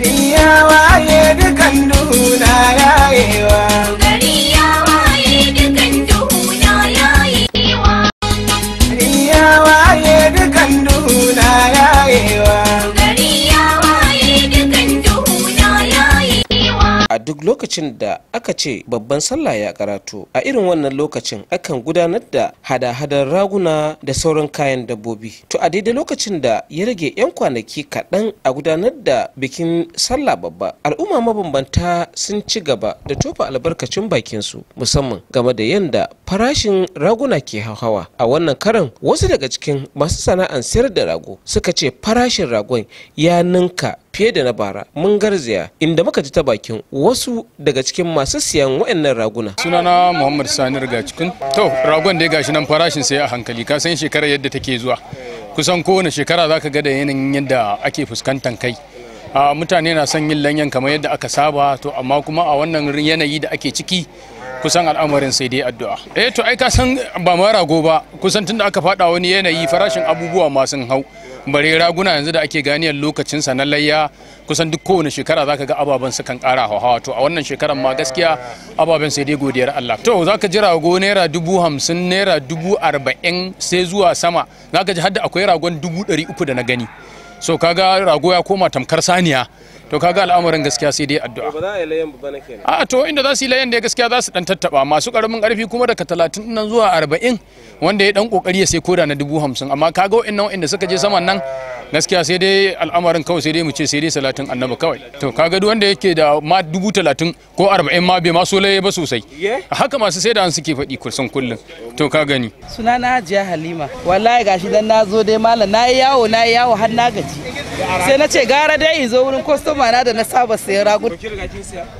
me lokacin da aka ce babban sallah ya karatu a irin wannan lokacin akan gudanar da hada-hadar raguna da sauran kayan dabbobi to a daidai lokacin da ya rage 'yan kwanaki kaɗan a gudanar da bikin sallah babba al'umma mabambanta sun ci gaba da tofa albarkacin bakinsu musamman game da yadda farashin raguna ke hawa a wannan karan wasu daga cikin masu sana'an sayar da rago suka ce farashin ragon ya ninka fiye da na bara mun garzaya inda muka ji ta bakin wasu daga cikin masu siyan wayannan raguna sunana muhammad sanir gacikun to ragon da ya gashi nan farashin sai a hankali ka san shekarar yadda take zuwa kusan kowane shekara zaka ga da yanayin yadda ake fuskantar kai a mutane na son yin lanyan kamar yadda aka saba to amma kuma a wannan yanayi da ake ciki kusan al'amarin sai dai addu'a eh to ai ka san ba ma rago ba kusan tunda aka fada wani yanayi farashin abubuwa ma sun hau bare raguna yanzu da ake ganiyar lokacin sa na layya kusan duk kowane shekara zaka ga ababen su kan kara hawa to a wannan shekaran ma gaskiya ababen sai dai godiyar Allah to zaka ji rago naira dubu hamsin naira dubu arba'in sai zuwa sama zaka ji hadda akwai ragon dubu ɗari uku da na gani so kaga rago ya koma tamkar saniya to kaga al'amarin gaskiya sai dai addu'a ba za a yi layan ba kenan a to inda za su yi layan da gaskiya za su dan tattaba masu karamin karfi kuma daga 30 nan zuwa 40 wanda ya dan kokari ya sai koda na 50 amma kaga wa'annan wa'anda suka je saman nan gaskiya sai dai al'amarin kawai sai dai mu ce sai dai salatin annabi kawai to kaga duk wanda yake da ma dubu talatin ko arba'in ma bai ma so laye ba sosai haka masu sai da an suke faɗi kusan kullum to ka gani sunana hajiya halima wallahi gashi dan na zo dai malam nayi yawo nayi yawo har na gaji sai na ce gara dai in zo wurin kwastom nama na da na saba sayan ragu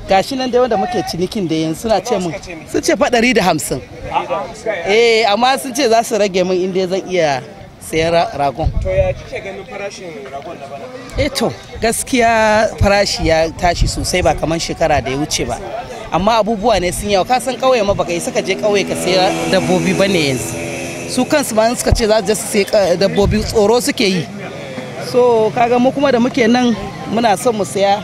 gashi nan dai wanda muke cinikin da yanzu suna ce mun sun ce fa da hamsin eh amma sun ce za su rage min inda zan iya sayan ragon to ya kike ganin farashin ragon da bana eh to gaskiya farashi ya tashi sosai ba kamar shekara da ya wuce ba amma abubuwa ne sun yawa kasan kauye ma baka isa ka je kauye ka sayi dabbobi bane yanzu su kansu ma suka ce za su je su sayi eh, dabbobi tsoro suke yi so kaga mu kuma da muke nan muna son mu saya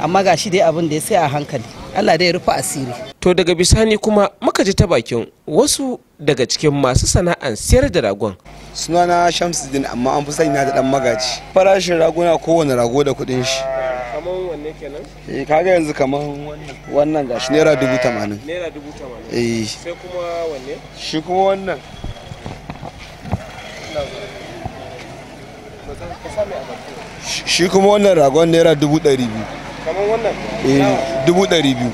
amma ga shi dai abin da ya sai a hankali allah dai ya rufe asiri to daga bisani kuma muka ji ta bakin wasu daga cikin masu sana'an siyar da ragon sunana shamsuddin amma an fi sani na da dan magaji farashin ragona kowane rago da kuɗin shi kamar wanne kenan eh kaga yanzu kamar wannan gashi naira dubu tamanin naira 80 eh sai kuma wanne shi kuma wannan shi kuma wannan ragon naira dubu ɗari biyu kamar wannan eh, dubu ɗari biyu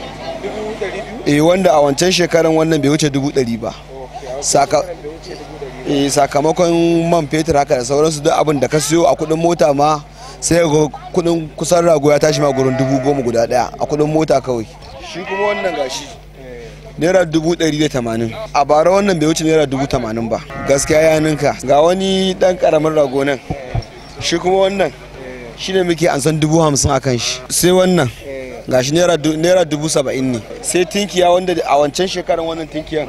eh wanda a wancan shekaran wannan bai wuce dubu ɗari ba eh, sakamakon man fetur haka da sauransu duk abin da ka siyo a kudin mota ma sai ga kudin kusan rago ya tashi ma gurin dubu goma guda daya a kudin mota kawai shi kuma wannan gashi naira dubu ɗari da tamanin a bara wannan bai wuce naira dubu tamanin ba gaskiya ya ninka ga wani dan ƙaramin rago nan eh. shi kuma wannan eh. shi ne muke an san dubu hamsin a kan shi sai wannan eh. gashi naira dubu saba'in ne sai tinkiya wanda a wancan shekarun wannan tinkiyan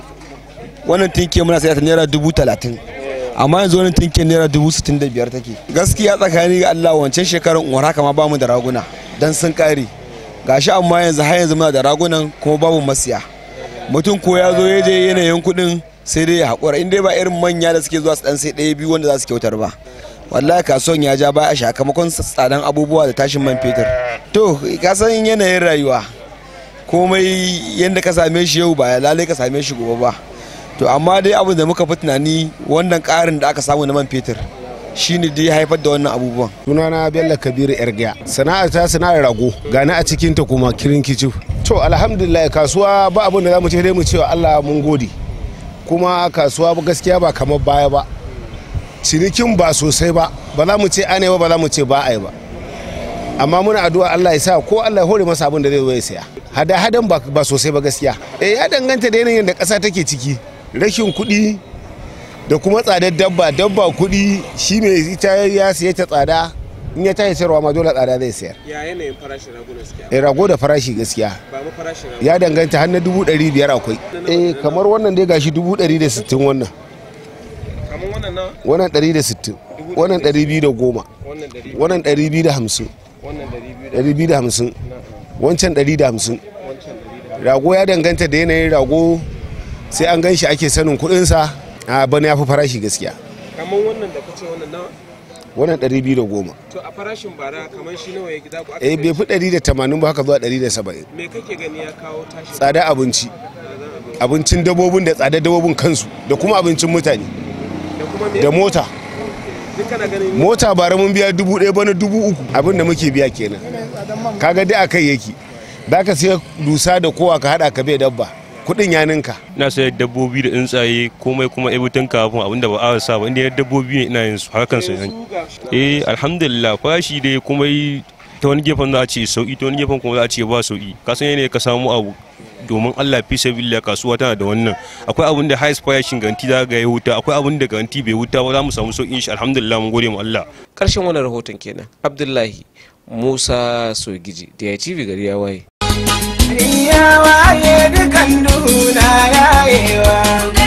wannan tinkiyan muna sayata naira dubu talatin eh. amma yanzu wannan tinkiyar naira dubu sittin da biyar take gaskiya tsakani ga Allah wancan shekarun uwar haka ma ba mu da raguna dan sun kare gashi amma yanzu har yanzu muna da ragunan kuma babu masiya mutum ko ya zo ya je yanayin kuɗin sai dai ya haƙura in dai ba irin manya da suke zuwa su ɗan sai ɗaya biyu wanda za su kyautar ba wallahi kasuwan ya ja baya sakamakon tsadan abubuwa da tashin man fetur to ka san yanayin rayuwa komai yadda ka same shi yau ba lalai ka same shi gobe ba to amma dai abin da muka fi tunani wannan karin da aka samu na man fetur shi ne dai haifar da wannan abubuwan na bello kabiru ergaya sana'a ta sana'ar rago gani a cikin ta kuma kirin kicin to alhamdulillah kasuwa ba abin da za mu ce dai mu cewa allah mun gode kuma kasuwa gaskiya ba kamar baya ba cinikin ba sosai ba ba za mu ce ane ba ba za mu ce ba ai ba amma muna addu'a Allah ya sa ko Allah ya hore masa abin da zai zo ya saya hada hadan ba sosai ba gaskiya eh ya danganta da yanayin da ƙasa take ciki rashin kuɗi da kuma tsadar dabba dabba kuɗi shine ita ya siya ta tsada in ya tashi sayarwa ma dole tsada zai sayar ya yanayin farashi rago gaskiya eh rago da farashi gaskiya ba mu farashi ya danganta har na dubu ɗari biyar akwai eh kamar wannan dai gashi dubu ɗari da sittin wannan wannan da sittin wannan biyu da goma wannan biyu biyu da hamsin da hamsin wancan da hamsin rago ya danganta da yanayin rago sai an gan shi ake sanin kudinsa a bana ya fi farashi gaskiya kamar wannan da kace wannan nawa wannan 210 to a farashin bara kamar shi nawa yake gida aka eh bai fi tamanin ba haka zuwa 170 me kake gani ya kawo tashi tsada abinci abincin dabobin da tsada dabobin kansu da kuma abincin mutane da mota mota bara mun biya dubu ɗaya bane dubu uku abin da muke biya kenan kaga dai akai yake za ka sai dusa da kowa ka haɗa ka bai dabba kuɗin ya ninka ina sayar dabbobi da tsaye komai kuma tun kafin abin da ba a sa ba inda dabbobi ne ina yin su hakan sai nan eh alhamdulillah fashi dai kuma ta wani gefen za a ce sauki ta wani gefen kuma za a ce ba sauki ka san ne ka samu abu domin Allah fi sabilillah kasuwa tana da wannan akwai abin da spire shin garanti za ga ya huta akwai abin da garanti bai huta ba za mu samu sauƙin shi alhamdulillah mun gode mu Allah karshen wannan rahoton kenan Abdullahi Musa Sogiji da ya cibi gari ya waye ya waye dukan duna yayewa